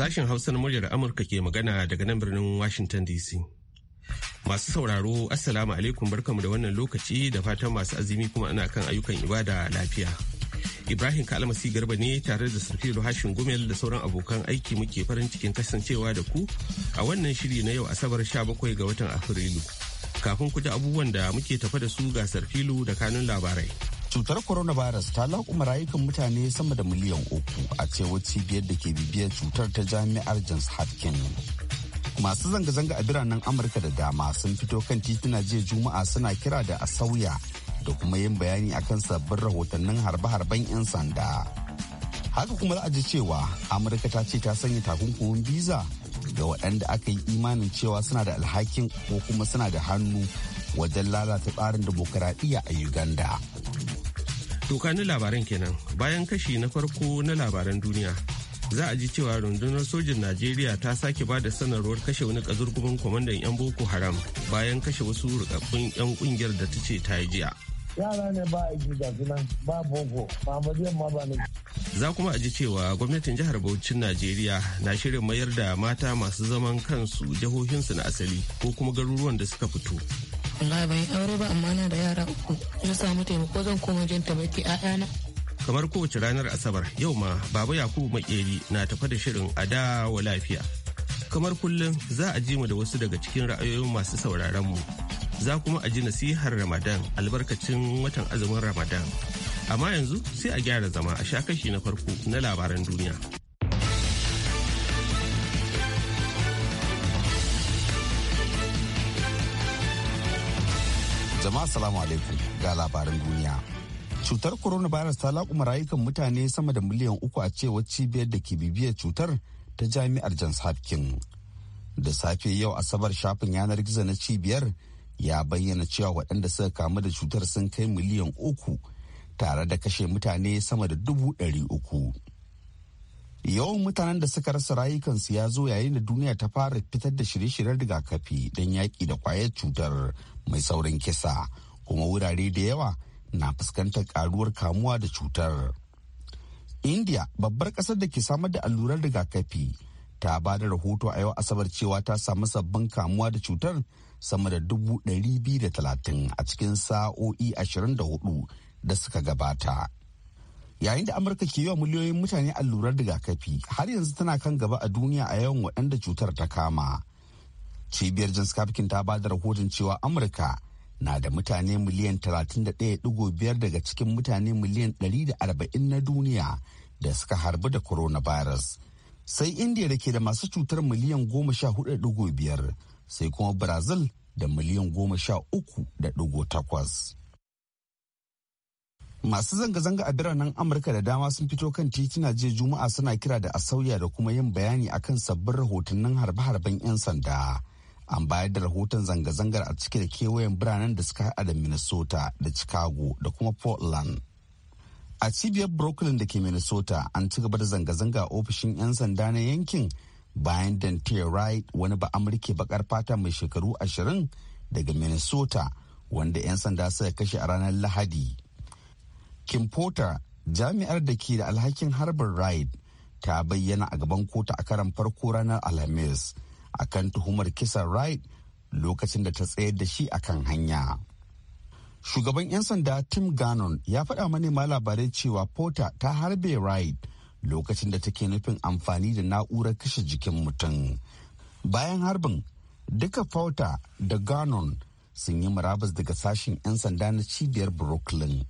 Sashen Hausa na muryar Amurka ke magana daga nan birnin Washington DC. Masu sauraro, Assalamu alaikum barkamu da wannan lokaci da fatan masu azumi kuma ana kan ayyukan ibada lafiya. Ibrahim Kalmasi Garba ne tare da Safiru Hashin Gumel da sauran abokan aiki muke farin cikin kasancewa da ku a wannan shiri na yau Asabar Sha bakwai ga watan Afrilu. Kafin ku ji abubuwan da muke tafa da su ga sarfilu da kanun labarai. cutar coronavirus ta laƙuma rayukan mutane sama da miliyan uku a cewar cibiyar da ke bibiyar cutar ta jami'ar johns hopkins masu zanga-zanga a biranen amurka da dama sun fito kan tituna jiya juma'a suna kira da a sauya da kuma yin bayani akan sabbin rahotannin harbe-harben 'yan sanda haka kuma za a ji cewa amurka ta ce ta sanya takunkumin biza ga waɗanda aka yi imanin cewa suna da alhakin ko kuma suna da hannu wajen lalata tsarin dimokuraɗiyya a uganda Tokanin labaran kenan bayan kashi na farko na labaran duniya. Za a ji cewa rundunar sojin Najeriya ta sake ba da sanarwar kashe wani kazurgumin kwamandan 'yan Boko Haram bayan kashe wasu rukakkun 'yan kungiyar da ta ce ta yi jiya. Yara ne ba a ji ba boko, Muhammadiyan ma ba ne. Za kuma a ji cewa gwamnatin jihar Bauchin Najeriya na shirin mayar da mata masu zaman kansu jihohinsu na asali ko kuma garuruwan da suka fito. wallahi ban yi aure ba amma na da yara uku Zan samu taimako zan koma jin a ƴaƴana kamar kowace ranar asabar yau ma baba yakubu makeri na tafa da shirin a lafiya kamar kullum za a ji mu da wasu daga cikin ra'ayoyin masu sauraron mu za kuma a ji nasihar ramadan albarkacin watan azumin ramadan amma yanzu sai a gyara zama a sha kashi na farko na labaran duniya Jama'a salamu alaikum ga labarin duniya. Cutar corona coronavirus ta laƙuma rayukan mutane sama da miliyan uku a cewar cibiyar da ke bibiyar cutar ta jami'ar Johns Hopkins. Da safe yau Asabar shafin yanar gizo na cibiyar ya bayyana cewa waɗanda suka kamu da cutar sun kai miliyan uku tare da kashe mutane sama da dubu ɗari uku. yawan mutanen da suka rasa rayukansu ya zo yayin da duniya ta fara fitar da shirye-shiryen rigakafi don yaƙi da kwayar cutar mai saurin kisa kuma wurare da yawa na fuskantar karuwar kamuwa da cutar india babbar ƙasar da ke samar da allurar rigakafi ta ba da rahoto a yau asabar cewa ta samu sabbin kamuwa da cutar sama da dubu ɗari a cikin sa'o'i 24 da suka gabata yayin da amurka ke yawa miliyoyin mutane allurar rigakafi har yanzu tana kan gaba a duniya a yawan waɗanda cutar ta kama cibiyar jins kafkin ta ba da rahoton cewa amurka na da mutane miliyan 31.5 daga cikin mutane miliyan 140 na duniya da suka harbi da coronavirus sai india da ke da masu cutar miliyan 14.5 sai kuma brazil da miliyan 13.8 Masu zanga-zanga a biranen Amurka da dama sun fito kan titina jiya Juma'a suna kira da a sauya da kuma yin bayani akan sabbin rahotannin harbe-harben 'yan sanda. An bayar da rahoton zanga-zangar a cike da kewayen biranen da suka haɗa da Minnesota da Chicago da kuma Portland. A cibiyar Brooklyn da ke Minnesota an ci gaba da zanga-zanga ofishin 'yan sanda na yankin bayan Dante Wright wani ba Amurke bakar fata mai shekaru ashirin daga Minnesota wanda 'yan sanda suka kashe a ranar Lahadi. Kim Porter jami'ar da ke da alhakin harbin Ride ta bayyana a gaban kotu a karan farko ranar Alhamis a kan tuhumar kisan Ride lokacin da ta tsayar da shi akan hanya. Shugaban 'yan sanda Tim Gannon ya faɗa manema labarai cewa Porter ta harbe Ride lokacin da take nufin amfani da na'urar kashe jikin mutum. Bayan harbin, duka Porter da Gannon sun yi murabus daga sashen 'yan sanda na cibiyar Brooklyn.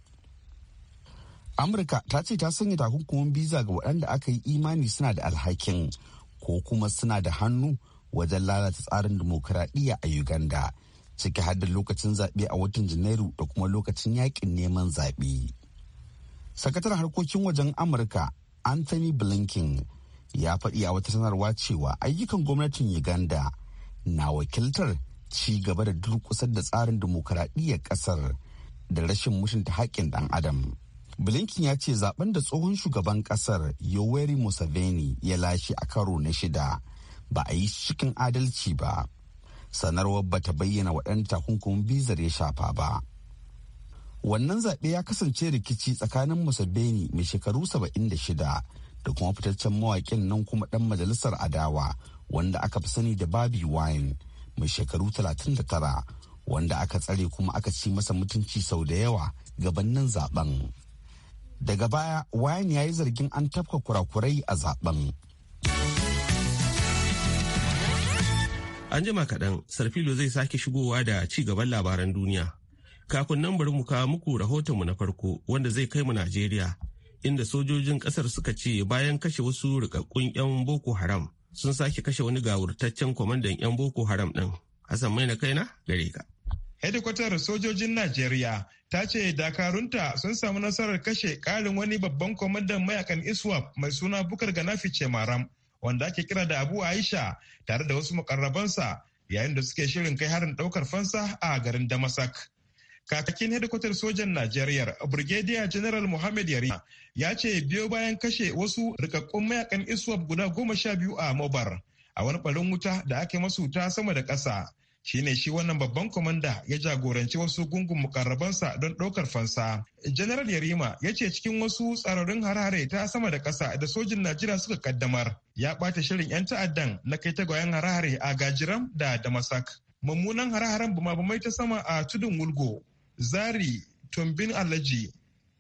amurka ta ce ta sanya takunkumin biza ga waɗanda aka yi imani suna da alhakin ko kuma suna da hannu wajen lalata tsarin dimokuraɗiyya a uganda ciki har da lokacin zaɓe a watan janairu da kuma lokacin yakin neman zaɓe sakataren harkokin wajen amurka anthony blinken ya faɗi a wata sanarwa cewa ayyukan gwamnatin uganda na wakiltar ci gaba da durƙusar da tsarin dimokuraɗiyyar ƙasar da rashin mutunta haƙƙin ɗan adam. blinken ya ce zaben da tsohon shugaban kasar yoweri museveni ya lashe a karo na shida ba a yi cikin adalci ba sanarwar ba ta bayyana waɗanda takunkumin bizar ya shafa ba wannan zaɓe ya kasance rikici tsakanin museveni mai shekaru 76 da kuma fitaccen mawaƙin nan kuma ɗan majalisar adawa wanda aka fi sani da babi wine mai shekaru 39 wanda aka tsare kuma aka ci masa mutunci sau da yawa gabanin zaben daga baya wayan ya yi zargin an tafka kurakurai a zaben an jima kaɗan sarfilo zai sake shigowa da ci gaban labaran duniya kafin nan bari mu kawo muku rahotonmu na farko wanda zai kai mu najeriya inda sojojin ƙasar suka ce bayan kashe wasu rikakkun 'yan boko haram sun sake kashe wani gawurtaccen kwamandan 'yan boko haram ɗin hassan mai na kaina gare ka hedikwatar sojojin najeriya ta ce dakarunta sun samu nasarar kashe ƙarin wani babban kwamandan mayakan iswap mai suna bukar ganafi fice maram wanda ake kira da abu aisha tare da wasu makarrabansa yayin da suke shirin kai harin ɗaukar fansa a garin damasak kakakin hedikwatar sojan najeriya brigadier general Mohammed yarima ya ce biyo bayan kashe wasu rikakkun mayakan iswap guda goma sha biyu a mobar a wani ɓarin wuta da ake masu ta sama da ƙasa shine shi wannan babban komanda ya jagoranci wasu gungun mukarrabansa don ɗaukar fansa. General Yarima ya ce cikin wasu tsararrun harare ta sama da ƙasa da sojin Najeriya suka kaddamar ya ɓata shirin 'yan ta'addan na kai ta gwayan harare a Gajiram da Damasak. Mummunan hare-haren bumabumai ta sama a tudun Wulgo, Zari, Tumbin Alaji,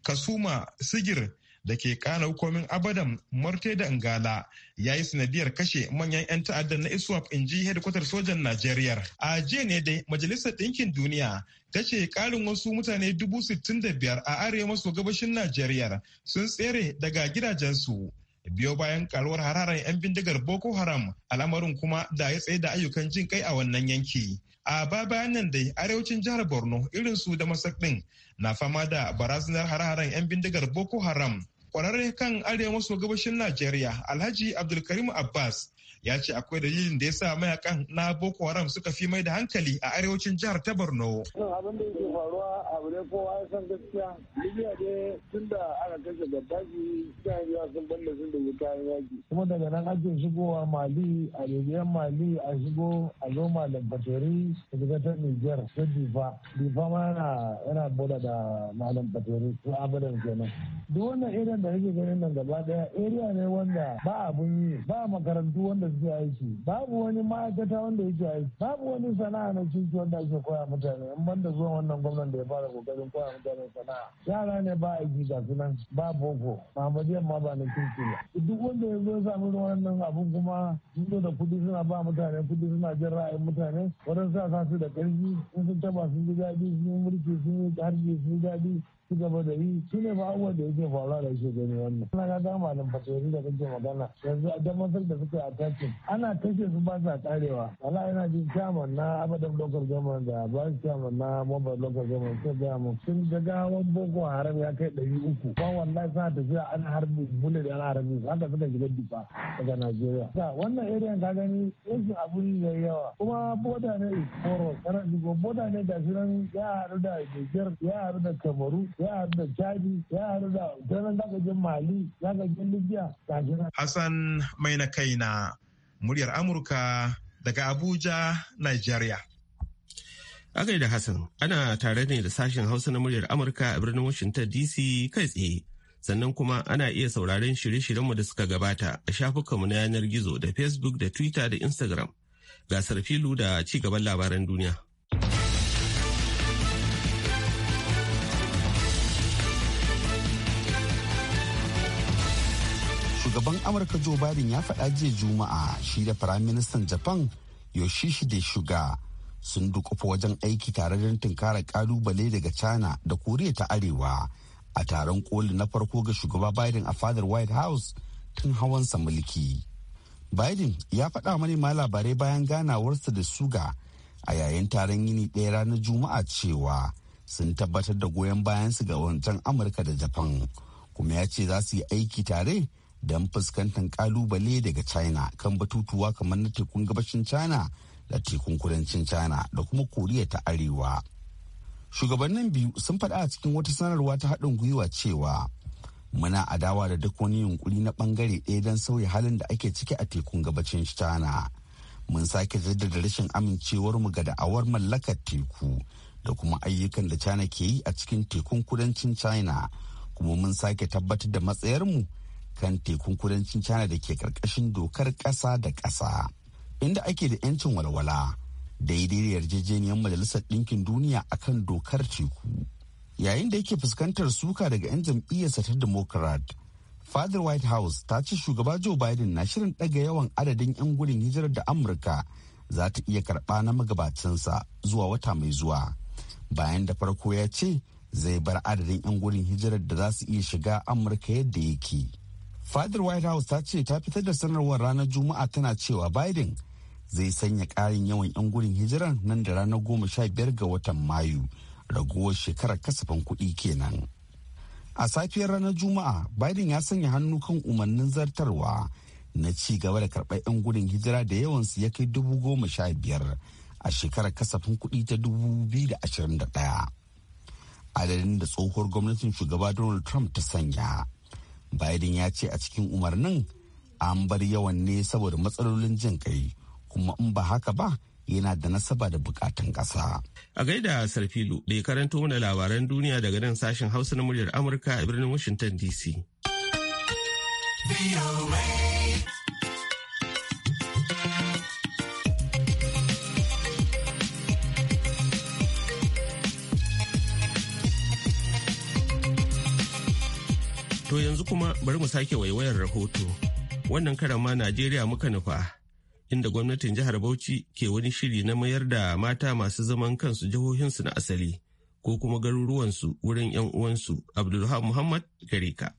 Kasuma, Sigir da ke kana hukumin abadan marte da ngala ya yi sanadiyar kashe manyan 'yan ta'adda na iswap in ji hedikwatar sojan najeriya a jiya ne dai majalisar ɗinkin duniya ta ce karin wasu mutane dubu sittin da biyar a arewa maso gabashin najeriya sun tsere daga gidajensu biyo bayan karuwar hararar 'yan bindigar boko haram al'amarin kuma da ya tsaye da ayyukan jin kai a wannan yanki a babayan nan dai arewacin jihar borno irin su da masak din na fama da barazanar hare-haren 'yan bindigar boko haram kwararre kan arewa maso gabashin najeriya alhaji abdulkarim abbas ya ce akwai dalilin da ya sa mayakan na boko haram suka fi mai da hankali a arewacin jihar ta borno abin da yake faruwa abu ne kowa ya san gaskiya libya ne tun da aka kashe gaddafi kayan yawa sun banda sun da kayan yaki kuma daga nan ake shigowa mali a libyan mali a shigo a zoma da fatori da daga ta niger ta difa difa ma yana yana boda da malam fatori su abadan kenan duk wannan irin da yake ganin nan gaba daya area ne wanda ba abun yi ba makarantu wanda aiki babu wani ma'aikata wanda yake aiki babu wani sana'a na cikin wanda ake koya mutane in banda zuwa wannan gwamnan da ya fara kokarin koya mutane sana'a yara ne ba aiki ga sunan ba boko mamadiyan ma ba na kirki ba duk wanda ya zo samu wannan abun kuma sun da kudi suna ba mutane kudi suna jin ra'ayin mutane wadansu sa su da karfi sun sun taba sun ji daɗi sun yi mulki sun yi harbi sun yi daɗi ci gaba da yi su ne ba abubuwan da yake faruwa da yake gani wannan ana ga ga malam fatori da kake magana yanzu a damatar da suke a tashin ana kashe su ba sa karewa wala yana jin chairman na abadan local government da vice chairman na mobile local government sai ga mu sun ga gawan boko haram ya kai ɗari uku ba wallahi ta tafiya ana harbi bullet ana harbi haka suka shiga dufa daga Najeriya wannan area ka gani yanzu abun da yawa kuma boda ne is kana shigo boda ne da shi nan ya haru da Niger ya haru da Kamaru ya haɗu da chadi ya haɗu da ukraine zaka mali zaka je libya hassan mai na kaina muryar amurka daga abuja nigeria Agai da Hassan ana tare ne da sashen Hausa na muryar Amurka a birnin Washington DC kai tsaye. Sannan kuma ana iya sauraron shirye-shiryenmu da suka gabata a shafukanmu na yanar gizo da Facebook da Twitter da Instagram. Gasar filu da ci gaban labaran duniya. shugaban amurka joe biden ya faɗa jiya juma'a shi da firaministan japan yoshihide shuga sun dukufa wajen aiki tare da tunkara kalubale daga china da koriya ta arewa a taron koli na farko ga shugaba biden a fadar white house tun hawansa mulki biden ya faɗa manema labarai bayan ganawarsa da suga a yayin taron yini ɗaya ranar juma'a cewa sun tabbatar da goyon bayan su ga wancan amurka da japan kuma ya ce za su yi aiki tare don fuskantar kalubale daga china kan batutuwa kamar na tekun gabashin china da tekun kudancin china da kuma koriya ta arewa shugabannin biyu sun faɗa a cikin wata sanarwa ta haɗin gwiwa cewa muna adawa da duk wani yunkuri na ɓangare ɗaya don sauya halin da ake ciki a tekun gabacin china mun sake jaddada rashin amincewar mu ga da'awar mallakar teku da kuma ayyukan da china ke yi a cikin tekun kudancin china kuma mun sake tabbatar da matsayar mu. kan tekun kudancin china da ke karkashin dokar ƙasa da ƙasa inda ake da 'yancin walwala daidai da yarjejeniyar majalisar ɗinkin duniya akan dokar teku yayin da yake fuskantar suka daga 'yan jam'iyyarsa ta democrat father white house ta ce shugaba joe biden na shirin ɗaga yawan adadin 'yan gudun hijirar da amurka za ta iya karɓa na magabacinsa zuwa wata mai zuwa bayan da farko ya ce zai bar adadin 'yan gudun hijirar da za su iya shiga amurka yadda yake fadar white house ta ce ta fitar da sanarwar ranar juma'a tana cewa biden zai sanya ƙarin yawan 'yan gudun hijiran nan da ranar goma sha biyar ga watan mayu raguwar shekarar kasafin kuɗi kenan a safiyar ranar juma'a biden ya sanya hannu kan umarnin zartarwa na ci gaba da karɓar 'yan gudun hijira da yawansu ya kai dubu goma sha biyar a shekarar kasafin kuɗi ta dubu biyu da ashirin da ɗaya adadin da tsohuwar gwamnatin shugaba donald trump ta sanya biden ya ce a cikin umarnin an bar yawan ne saboda matsalolin jin kai kuma in ba haka ba yana da nasaba da bukatun ƙasa. a gaida sarfilu da ya karanto mana labaran duniya daga nan sashen hausa na muryar amurka a birnin washington dc. To yanzu kuma bari mu sake waiwayar rahoto. Wannan karan ma Najeriya muka nufa inda gwamnatin jihar Bauchi ke wani shiri na mayar da mata masu zaman kansu jihohinsu na asali ko kuma garuruwansu wurin 'yan uwansu Abdulham Muhammad Gareka.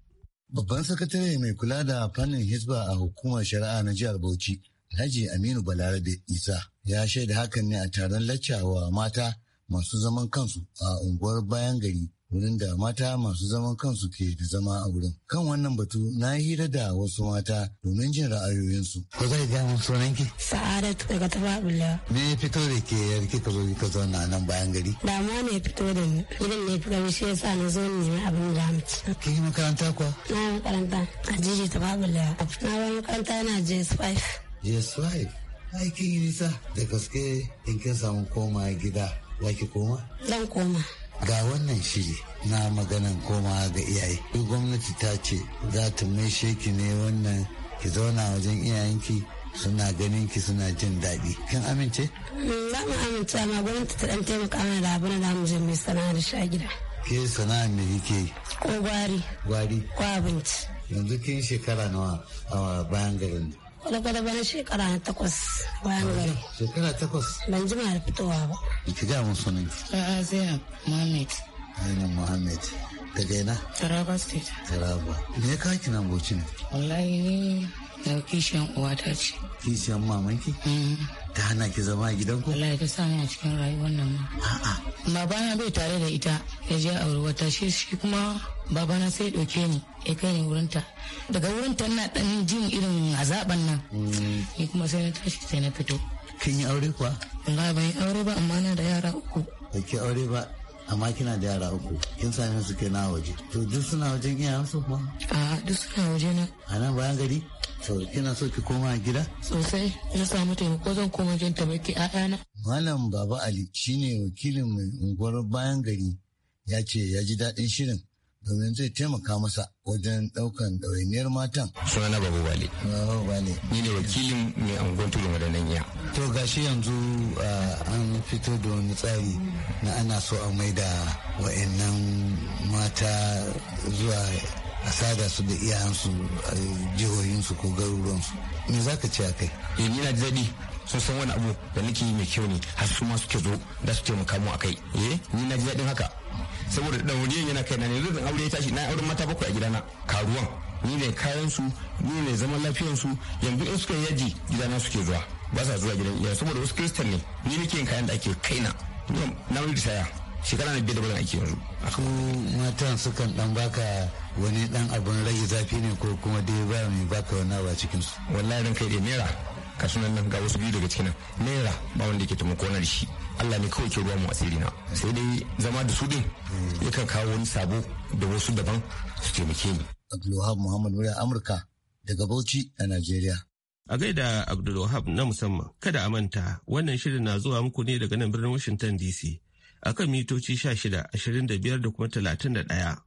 Babban sakatare mai kula da fannin Hisba a hukumar shari'a na jihar Bauchi, Alhaji Aminu Balarabe Isa, ya shaida hakan ne a taron laccawa mata masu zaman kansu a unguwar bayan gari wurin da mata masu zaman kansu ke da zama a wurin. Kan wannan batu na hira da wasu mata domin jin ra'ayoyinsu. Ko zai ga mun sunan ki? Sa'adat daga Tababula. Me ya fito da ke ya rike ka zo ki ka zauna nan bayan gari? Damuwa ne fito da ni. Irin ne fito shi yasa na zo ne abin da mutu. Ki yi makaranta kuwa? Na yi makaranta a jiji Tababula. Na yi makaranta yana JS5. JS5? Aikin yi nisa da gaske in kin samu koma gida. Za ki koma? Zan koma. ga wannan shiri na maganan koma ga iyaye Duk gwamnati ta ce za ta mai sheki ne wannan ki zauna wajen iyayenki suna ganin ki suna jin daɗi kin amince? za mu amince amma gwamnati ta ɗan taimaka mana da abin da mu je mai sana'a da sha gida. ke sana'a me kike? ko gwari. gwari. ko abinci. yanzu kin shekara nawa a bayan garin na gwada shekara na takwas bayan gari. Shekara takwas? Ban jima da fitowa ba. Ki ga mun sunan ki? Aziya Mohammed. Aina Mohammed. Daga ina? Taraba State. Taraba. Me ya kawo ki nan Bauchi ne? Wallahi ni daga kishiyan uwata ce. Kishiyan mamanki? Mm. ta hana ki zama a gidan ku wallahi ta sa ni a cikin rayuwar nan ma a'a babana bai tare da ita ya je aure wata shi shi kuma babana sai ya dauke ni ya kai ni wurinta daga wurinta ina dan jin irin azaban nan mm. ni kuma sai na tashi sai na fito kin yi aure kuwa ban yi aure ba amma na da yara uku ba ki aure ba amma kina da yara uku kin same su na waje to duk suna wajen su kuma a duk suna waje na a nan bayan gari to kina so ki koma gida sosai na samu taimako zan koma jin a ƴaƴana malam baba ali shine wakilin mai unguwar bayan gari ya ce ya ji daɗin shirin domin zai taimaka masa wajen daukan ɗawainiyar matan. Suna na Babu Bale. Babu Bale. Ni ne wakilin mai angon tudu madanan iya. To gashi yanzu an fito da wani tsari na ana so a maida wa'annan mata zuwa a sada su da iyayensu a jihohinsu ko garuruwansu. Me za ka ce a kai? Eh, ni na daɗi sun san wani abu da nake yi mai kyau ne har su ma suke zo da su taimaka mu a kai. Eh, ni na ji daɗin haka. saboda ɗauriyan yana kai na ne aure ya tashi na auren mata bakwai a gidana karuwan ni ne kayan su ni ne zaman lafiyan su yanzu in suka yaji gidana suke zuwa ba sa zuwa gidan iyaye saboda wasu kristan ne ni nake yin kayan da ake kai na na wani ritaya shekara na biyar da bazan ake yanzu. ko matan sukan dan baka wani dan abun rage zafi ne ko kuma dai ba mai baka wani abu a cikin su. wallahi dan kai da naira ka sunan nan ga wasu biyu daga cikin nan naira ba wanda yake taimako na da shi Allah ne kawai ke ruwa mu asiri na sai dai zama da su din yakan kawo wani sabo da wasu daban su taimake ni Abdulwahab Muhammad murya Amurka daga Bauchi a Najeriya a gaida Abdulwahab na musamman kada a manta wannan shirin na zuwa muku ne daga nan birnin Washington DC akan mitoci 16 25 da kuma da 31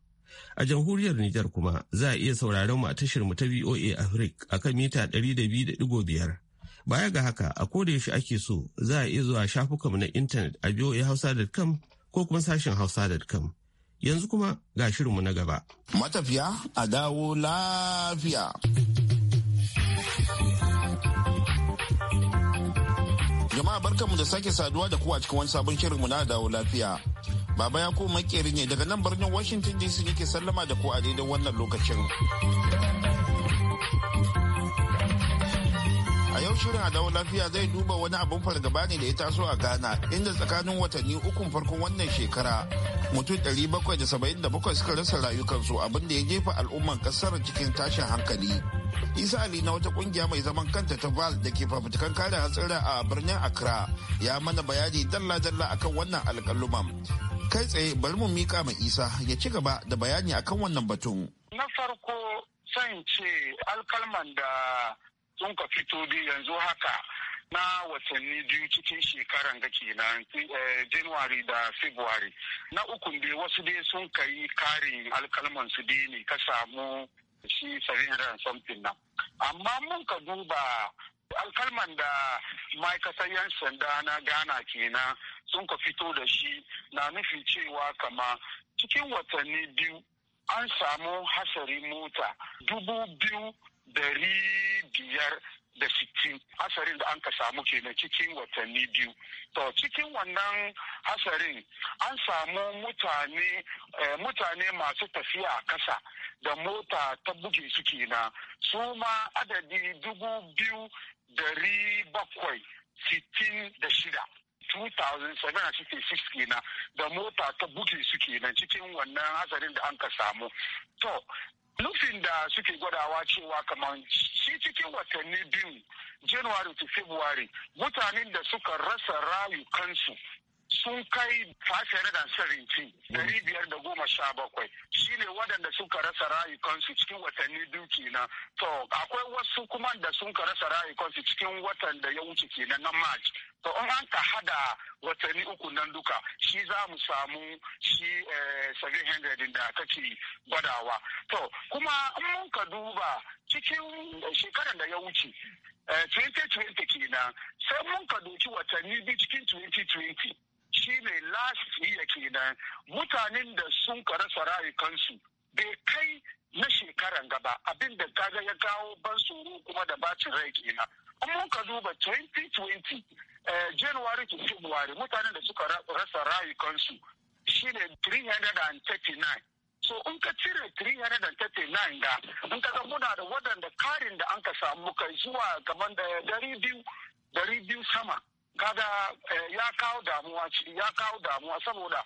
A jamhuriyar Nijar kuma za a iya sauraron mu a tashar mu ta VOA Africa akan mita ɗari biyar. Baya ga haka a yaushe ake so za a iya zuwa shafukanmu na intanet a biyo hausa voahausa.com ko kuma sashen hausa.com. Yanzu kuma ga shirinmu na gaba. Matafiya a dawo lafiya. Jama'a barkanmu da sake saduwa da kuwa cikin wani sabon mu na dawo lafiya. Baba ya ko makeri ne daga nan birnin Washington DC yake sallama da ku a daidai wannan lokacin. A yau shirin a lafiya zai duba wani abin fargaba ne da ya taso a Ghana inda tsakanin watanni ukun farkon wannan shekara mutum 777 suka rasa rayukansu abin da ya jefa al'umman kasar cikin tashin hankali. Isa Ali na wata kungiya mai zaman kanta ta Val da ke fafutukan kare hatsira a birnin Accra ya mana bayani dalla-dalla akan wannan alƙaluman. Kai tsaye bari mu mika ma Isa ya ci gaba da bayani akan wannan batun. Na farko son ce alkalman da sun ka fito bi yanzu haka na watanni biyu cikin shekaran ga kenan eh, january da february na ukun dai wasu dai sun kai karin alkalman su dai ne ka samu shi 700 something nan amma mun ka duba alkalman da ma'aikatar yan sanda na ghana kenan sun ka fito da shi na nufin cewa kama cikin watanni biyu an samu hasari mota dubu biyu dari biyar da sittin hasarin da an ka samu kenan cikin watanni biyu to cikin wannan hasarin an samu mutane eh, mutane masu tafiya a kasa da mota ta buge su kenan su ma adadi dubu biyu dari bakwai sittin da shida 2,766 kenan da mota ta buge su kenan cikin wannan hasarin da an ka samu to nufin da suke gwadawa cewa kamar shi cikin watanni biyu january to february mutanen da suka rasa rayukansu sun kai 517 dari biyar da goma sha bakwai shine waɗanda suka rasa rayukansu cikin watanni biyu kenan to akwai wasu kuma da sun rasa rayukansu cikin watan da ya wuce kenan na march to in an ka hada watanni uku nan duka shi za mu samu shi 700 eh, da kake gwadawa to kuma in mun ka duba cikin shekarar da ya wuce 2020 eh, kenan sai mun ka doki watanni biyu cikin 2020 shi ne lafiya kenan mutanen da sun rasa rayukansu bai kai na shekaran gaba abinda da kaga ya kawo ban tsoro kuma da bacin rai kenan mun ka duba 2020 eh, january to february mutanen da suka rasa rayukansu shi ne 339 so in ka cire 339 ga in ka muna da waɗanda karin da an ka samu kai zuwa gaban da dari sama kaga eh, ya kawo damuwa ya kawo damuwa saboda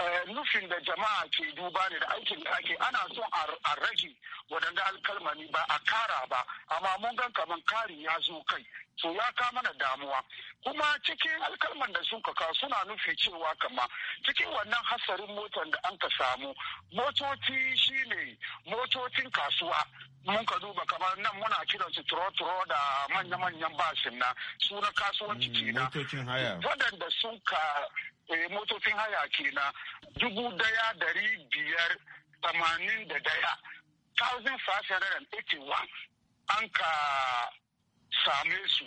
eh, nufin da jama'a ke duba ne da aikin da ake ana son a rage waɗanda alkalmani ba a kara ba amma mun gan kamar karin ya zo kai to ya ka mana damuwa kuma cikin alkalman da sun kaka suna nufi cewa kama cikin wannan hasarin motar da an ka samu motoci shine motocin kasuwa mun ka duba kamar nan muna kiran su turo-turo da manya-manyan basin na su na kasuwanci hmm, kina Wadanda sun ka eh, motocin haya kina dubu daya dari biyar tamanin da daya eighty-one an ka same su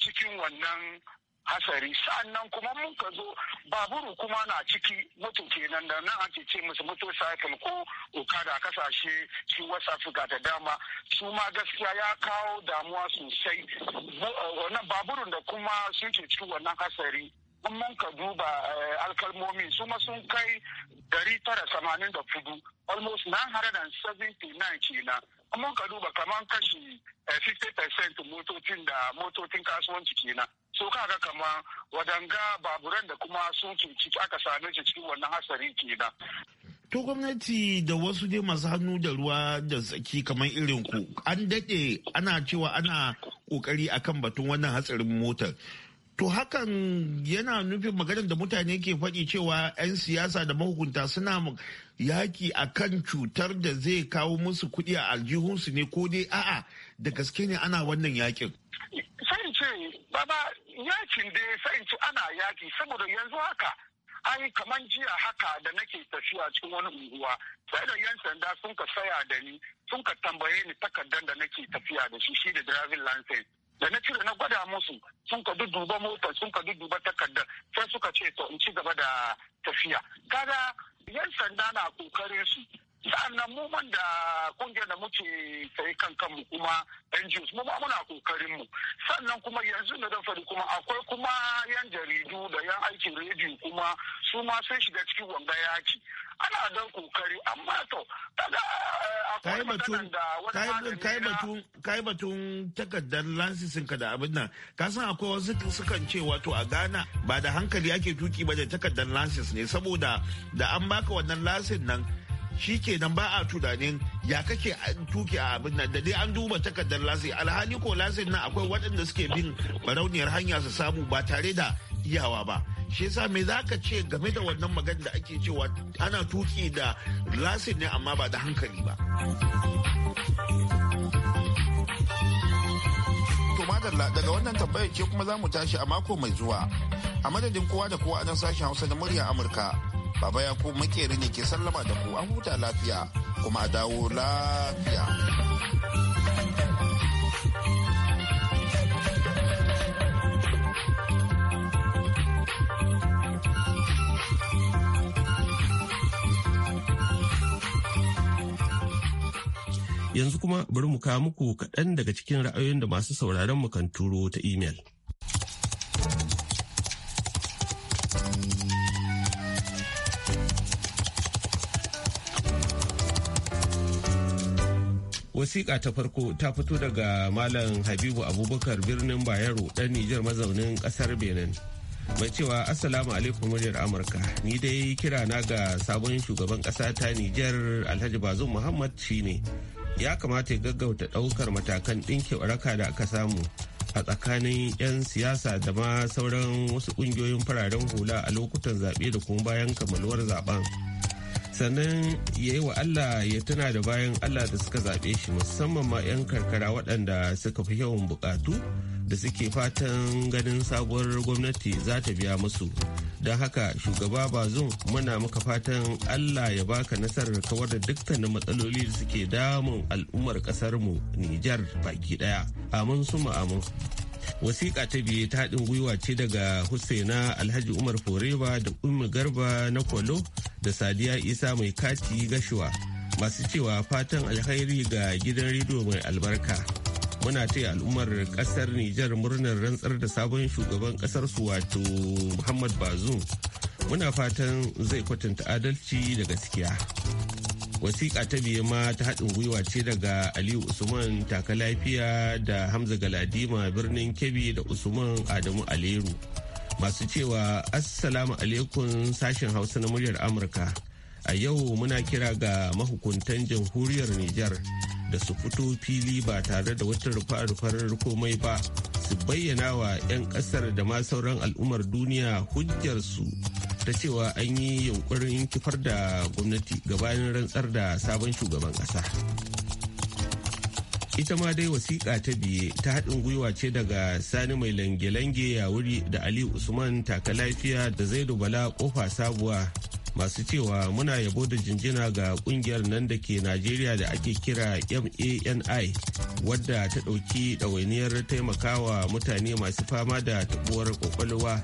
cikin wannan hasari sa'annan kuma mun ka zo baburu kuma na ciki moto kenan da nan ake ce musu cycle ko okada a kasashe shi wasu afirka da dama su ma gaskiya ya kawo damuwa sosai eh, wannan baburun da kuma suke ciki wannan hasari mun ka duba eh, alkalmomi su ma sun kai 984 almost 979 kenan kuma ka duba kamar kashi 50% eh, motocin da motocin kasuwanci kenan so kaga kamar ga baburan da kuma sun ciki aka same shi cikin wannan hasari kenan To gwamnati da wasu dai masu hannu da ruwa da tsaki kamar irin ku an daɗe ana cewa ana ƙoƙari akan batun wannan hatsarin motar. To hakan yana nufin maganar da mutane ke faɗi cewa 'yan siyasa da mahukunta suna yaki a kan cutar da zai kawo musu kuɗi a aljihunsu ne ko dai a'a da gaske ne ana wannan yakin. Sai ce baba yakin dai sai ce ana yaki saboda yanzu haka ai kaman jiya haka da nake tafiya cikin wani unguwa sai da yan sanda sun ka saya da ni sun ka tambaye ni takardar da nake tafiya da shi shi da driving license da na cire na gwada musu sun ka duba motar sun ka duba takardar sai suka ce to in ci gaba da tafiya kaga yan sanda na kokarin su sa'annan mu man da kungiyar da muke kai kan kanmu kuma NGOs mu muna kokarin mu sannan kuma yanzu na dan fari kuma akwai kuma yan jaridu da yan aikin rediyo kuma su ma sun shiga cikin wanga yaki ana dan kokari amma to daga eh, akwai batun kai batun kai batun takardar lansisin ka da abin nan ka san akwai wasu sukan ce wato a Ghana ba da hankali ake tuki ba da takardar lansis ne saboda da an baka wannan lansin nan shi kenan ba a tunanin ya kake tuki a abin nan da dai an duba takardar lasin alhali ko lasin nan akwai waɗanda suke bin barauniyar hanya su samu ba tare da iyawa ba shi yasa me za ka ce game da wannan magana da ake cewa ana tuki da lasin ne amma ba da hankali ba to madalla daga wannan tambayar ce kuma za mu tashi a mako mai zuwa a madadin kowa da kowa a nan sashen hausa da murya amurka Baba ya Yakubu muke ne ke sallama da ku an huta lafiya kuma a dawo lafiya. Yanzu kuma bari mu kawo muku kaɗan daga cikin ra'ayoyin da masu sauraron mu kan turo ta imel. wasiƙa ta farko ta fito daga malam habibu abubakar birnin bayero ɗan nijar mazaunin ƙasar benin mai cewa assalamu alaikum muryar amurka ni dai kira na ga sabon shugaban ƙasa ta nijar alhaji bazum muhammad shine ya kamata ya gaggauta ɗaukar matakan ɗinke waraka da aka samu a tsakanin 'yan siyasa da ma sauran wasu ƙungiyoyin fararen hula a lokutan zaɓe da kuma bayan kamaluwar zaben sannan ya yi wa Allah ya tuna da bayan Allah da suka zaɓe shi musamman ma 'yan karkara waɗanda suka fi yawan buƙatu da suke fatan ganin sabuwar gwamnati za ta biya musu don haka shugaba ba bazum muna maka fatan Allah ya baka nasarar kawar da dukkanin matsaloli da suke damun al'ummar ƙasarmu Nijar baki ɗaya amin suma amin wasiƙa ta biye ta haɗin gwiwa ce daga husaina alhaji umar foreba da ummi garba na kwalo da Sadiya Isa mai kati gashuwa masu cewa fatan alheri ga gidan rediyo mai albarka. Muna taya al'ummar kasar Nijar murnar rantsar da sabon shugaban kasar su wato Muhammad Bazoum. Muna fatan zai kwatanta adalci da gaskiya. Wasiƙa ta biye ma ta haɗin gwiwa ce daga Aliyu Usman taka lafiya da Hamza Galadima birnin Kebbi da Usman Adamu Aleru. masu cewa assalamu alaikum sashen hausa na muryar amurka a yau muna kira ga mahukuntan jamhuriyar nijar da su fito fili ba tare da wata rufa-rufar komai ba su bayyana wa 'yan kasar da ma sauran al'ummar duniya hujjarsu ta cewa an yi yunkurin kifar da gwamnati gabanin rantsar da sabon shugaban kasa. ita ma dai wasiƙa ta biye ta haɗin gwiwa ce daga sani mai lange-lange ya wuri da ali usman taka lafiya da zaidu bala kofa sabuwa masu cewa muna yabo da jinjina ga ƙungiyar nan da ke najeriya da ake kira mani wadda ta ɗauki ɗawainiyar taimakawa mutane masu fama da tabuwar ƙwaƙwalwa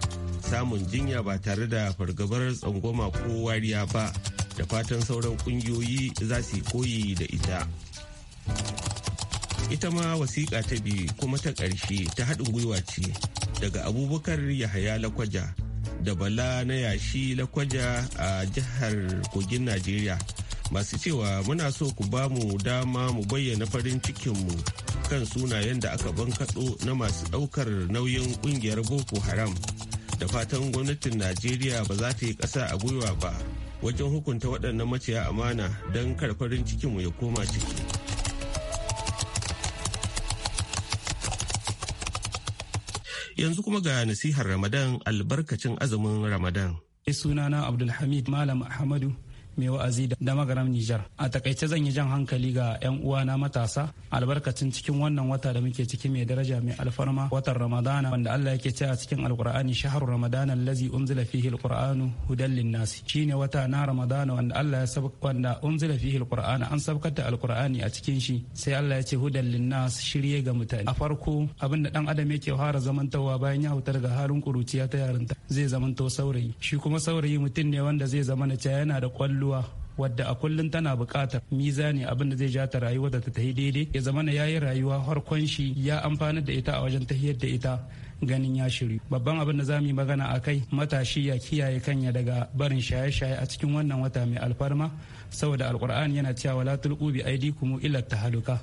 samun jinya ba tare da fargabar tsangwama ko wariya ba da fatan sauran ƙungiyoyi za su koyi da ita ita ma wasiƙa ta biyu kuma ta ƙarshe ta haɗin gwiwa ce daga abubakar yahaya lakwaja da bala na yashi lakwaja a jihar kogin najeriya masu cewa muna so ku ba mu dama mu bayyana farin cikinmu kan sunayen da aka ban kaɗo na masu ɗaukar nauyin ƙungiyar boko haram da fatan gwamnatin najeriya ba za ta yi ƙasa a gwiwa ba wajen hukunta waɗannan maciya amana don kar farin cikinmu ya koma ciki Yanzu kuma ga nasihar Ramadan albarkacin azumin Ramadan. Sunana Abdulhamid Malam Ahmadu mai wa'azi da magaram Nijar. A takaice zan yi jan hankali ga 'yan uwana matasa albarkacin cikin wannan wata da muke ciki mai daraja mai alfarma watan Ramadana wanda Allah yake ce a cikin Alkur'ani shahar Ramadana allazi unzila fihi alqur'anu hudan shi shine wata na Ramadana wanda Allah ya sabaka wanda unzila fihi alqur'ana an sabkata alqur'ani a cikin shi sai Allah ya ce hudan linnas shirye ga mutane. A farko abin da dan adam yake fara zamantawa bayan ya huta daga halin kuruciya ta yarinta zai zamanto saurayi shi kuma saurayi mutum ne wanda zai na cewa yana da kwallo kulluwa wadda a kullum tana buƙatar mizani abin da zai ja ta rayuwa da ta yi daidai ya zama na yayi rayuwa harkon shi ya amfana da ita a wajen tahiyar da ita ganin ya shiri babban abin da zamu yi magana a kai matashi ya kiyaye kanya daga barin shaye-shaye a cikin wannan wata mai alfarma saboda alkur'ani yana cewa wala tulqu bi aidikum ila tahaluka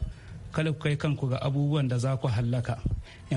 kala ku kai kanku ga abubuwan da za ku hallaka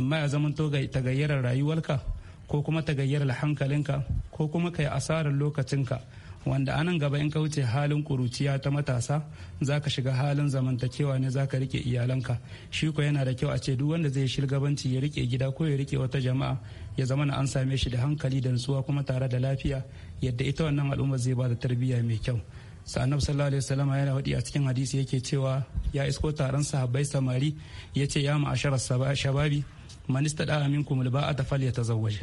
ma ya zama to tagayyarar rayuwarka ko kuma tagayyarar hankalinka ko kuma kai asarar lokacinka wanda anan gaba in ka wuce halin kuruciya ta matasa za ka shiga halin zamantakewa ne za ka rike iyalanka shi ko yana da kyau a ce duk wanda zai shirgabanci ya rike gida ko ya rike wata jama'a ya zama na an same shi da hankali da nutsuwa kuma tare da lafiya yadda ita wannan al'umma zai ba da tarbiyya mai kyau sa'anab sallallahu alaihi wasallam yana faɗi a cikin hadisi yake cewa ya isko taron sahabbai samari ya ce ya ma'ashara shababi man istada ta alba'ata falyatazawwaj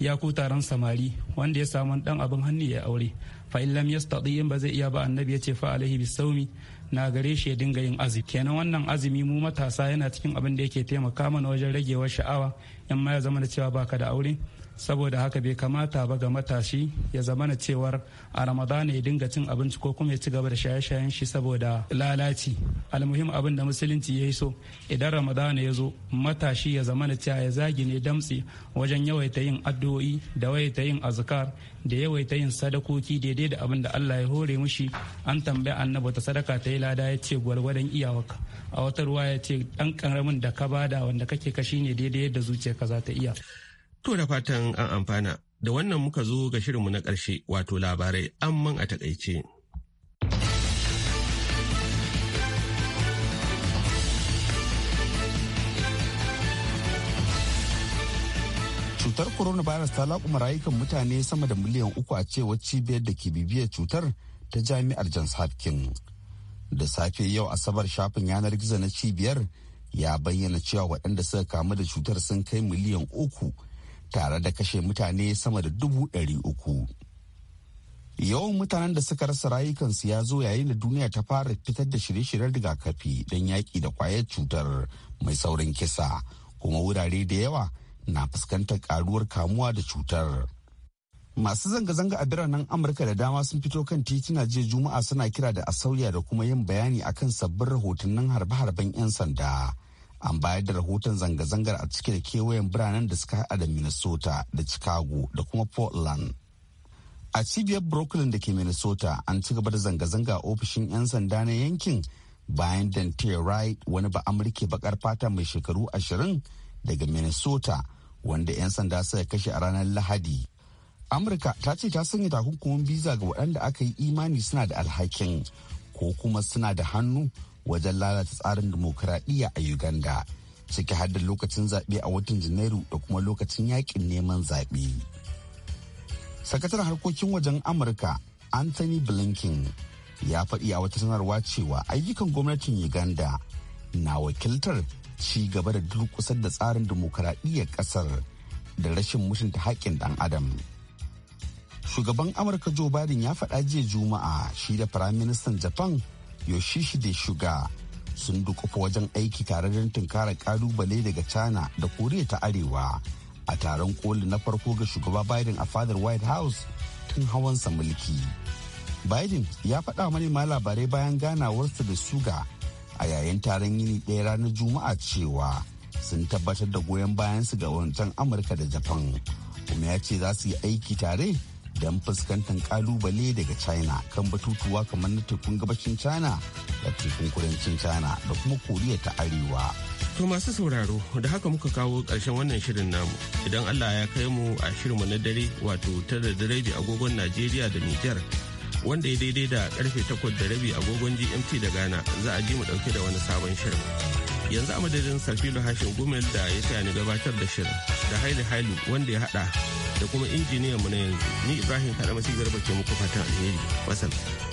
ya ku taron samari wanda ya samu dan abin hannu ya aure fa in lam yastati in ba zai iya ba annabi ya ce fa alaihi bisawmi na gare shi ya dinga yin azumi kenan wannan azumi mu matasa yana cikin abin da yake taimaka mana wajen ragewar sha'awa in ma ya zama da cewa baka da aure saboda haka bai kamata ba ga matashi ya zamana cewar a ramadana ya dinga cin abinci ko kuma ya ci gaba da shaye-shayen shi saboda lalaci almuhim abin da musulunci ya yi so idan ramadana ya zo matashi ya zamana cewa ya zagi ne damtsi wajen yawaita yin addu'o'i da yawaita yin azkar da yawaita yin sadakoki daidai da abin da Allah ya hore mushi an tambaya annabi ta sadaka ta yi lada ya ce gwargwadon iyawaka a wata ruwa ya ce dan karamin da ka bada wanda kake kashi ne daidai yadda zuciyarka za ta iya To da fatan an amfana, da wannan muka zo ga shirinmu na ƙarshe wato labarai amman a takaice. Cutar coronavirus ta laƙuma rayukan mutane sama da miliyan uku a cewar cibiyar da ke bibiyar cutar ta jami'ar Johns Hopkins. Da safe yau Asabar shafin yanar gizo na cibiyar ya bayyana cewa waɗanda suka kamu da cutar sun kai miliyan uku. tare da kashe mutane sama da dubu ɗari uku. Yawan mutanen da suka rasa rayukansu ya zo yayin da duniya ta fara fitar da shirye-shiryen rigakafi don yaƙi da kwayar cutar mai saurin kisa kuma wurare da yawa na fuskantar karuwar kamuwa da cutar. Masu zanga-zanga a biranen Amurka da dama sun fito kan titina jiya Juma'a suna kira da a sauya da kuma yin bayani akan sabbin rahotannin harbe-harben 'yan sanda. an bayar da rahoton zanga-zangar a cike da kewayen biranen da suka haɗa da minnesota da chicago da kuma portland a cibiyar brooklyn da ke minnesota an ci gaba da zanga-zanga a ofishin 'yan sanda na yankin bayan dante wright wani ba amurke bakar fata mai shekaru ashirin daga minnesota wanda 'yan sanda suka kashe a ranar lahadi amurka ta ce ta sanya takunkumin biza ga waɗanda aka yi imani suna da alhakin ko kuma suna da hannu wajen lalata tsarin dimokuraɗiyya a Uganda ciki har da lokacin zaɓe a watan Janairu da kuma lokacin yakin neman zaɓe. Sakataren harkokin wajen Amurka Anthony Blinken ya faɗi a wata sanarwa cewa ayyukan gwamnatin Uganda na wakiltar ci gaba da durƙusar da tsarin dimokuraɗiyyar ƙasar da rashin mutunta haƙƙin ɗan adam. Shugaban Amurka Joe Biden ya faɗa jiya Juma'a shi da Firaministan Japan yoshihide shuga sun dukufa wajen aiki tare don tunkarar kalubale daga china da koriya ta arewa a taron koli na farko ga shugaba biden a fadar white house tun hawansa mulki biden ya faɗa manema labarai bayan ganawarsa da suga a yayin taron yini ɗaya ranar juma'a cewa sun tabbatar da goyon bayansu ga wancan amurka da japan kuma ya ce za su yi aiki tare don fuskantar kalubale daga china kan batutuwa kamar na tekun gabashin china da tekun kudancin china da kuma koriya ta arewa to masu sauraro da haka muka kawo ƙarshen wannan shirin namu idan allah ya kai mu a shirinmu na dare wato tara da rabi agogon najeriya da niger wanda ya daidai da karfe takwas da rabi agogon gmt da ghana za a ji mu dauke da wani sabon shirin yanzu a madadin sarfilo hashin gumel da ya ni gabatar da shirin da haili hailu wanda ya hada da kuma injiniyanmu na yanzu ni ibrahim kaɗa masu garba ke muku fatan alheri wasal